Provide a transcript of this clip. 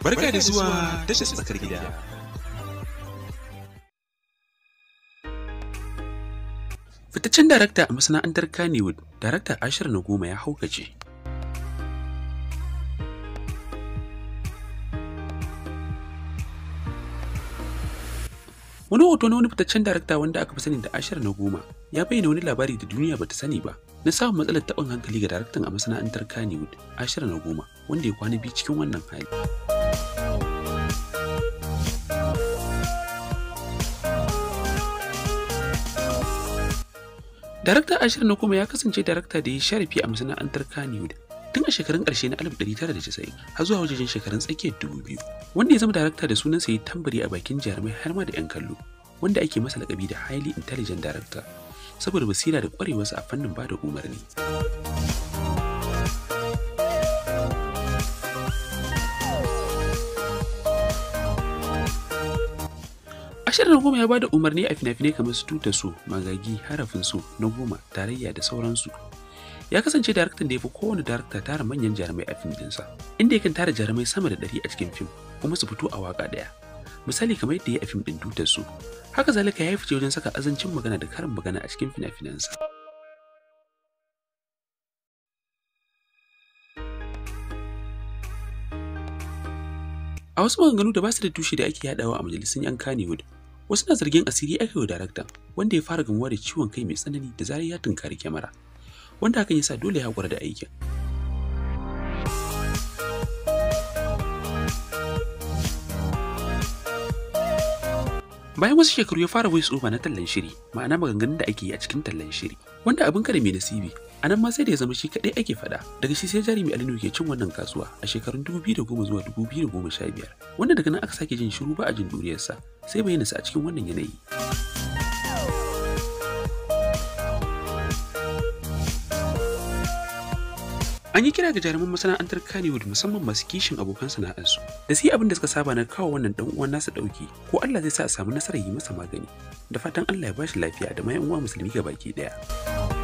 Barka da zuwa tashar tsakar gida. Fitaccen darakta a masana'antar Kannywood, darakta Ashir na goma ya haukace. Wani hoto na wani fitaccen darakta wanda aka fi sani da Ashir na goma ya bayyana wani labari da duniya bata sani ba na samun matsalar taɓin hankali ga daraktan a masana'antar Kannywood, Ashir na goma, wanda ya kwana biyu cikin wannan hali. Darakta Ashir na kuma ya kasance darakta da ya sharafi a masana'antar Kannywood tun a shekarun ƙarshe na 1990 har zuwa wajejen shekarun tsakiyar 2000 wanda ya zama darakta da sunan sa ya tambari a bakin jarumai har ma da 'yan kallo wanda ake masa lakabi da highly intelligent director saboda basira da ƙwarewarsa a fannin bada umarni. shirin goma ya bada umarni a fina-finai kamar su tuta so magagi harafin su na goma tarayya da sauransu ya kasance daraktan da ya fi kowane darakta tara manyan jarumai a fim dinsa inda yakan tara jarumai sama da ɗari a cikin fim kuma su fito a waka ɗaya misali kamar yadda ya yi a fim ɗin tuta su haka zalika ya yi fice wajen saka azancin magana da karin magana a cikin fina-finansa a wasu maganganu da ba su da tushe da ake yadawa a majalisun yan kanewood Wasu na zargin asiri aka yi daraktan wanda ya fara gamuwa da ciwon kai mai tsanani da zarar ya tunkari kyamara, wanda hakan ya sa dole ya haƙura da aikin. Bayan wasu shekaru ya fara voice over na tallan shiri, ma'ana maganganun da ake yi a cikin tallan shiri, wanda abin kada mai nasibi a nan ma sai da ya zama shi kaɗai ake faɗa daga shi sai jarumi alinu ke cin wannan kasuwa a shekarun 2010 zuwa 2015 wanda daga nan aka sake jin shiru ba a jin duniyarsa sai sa a cikin wannan yanayi An yi kira ga jaruman masana'antar Kannywood musamman masu kishin abokan sana'arsu da su yi abin da suka saba na kawo wannan dan uwan nasa dauki ko Allah zai sa a samu nasarar yi masa magani da fatan Allah ya bashi lafiya da mai musulmi ga baki daya.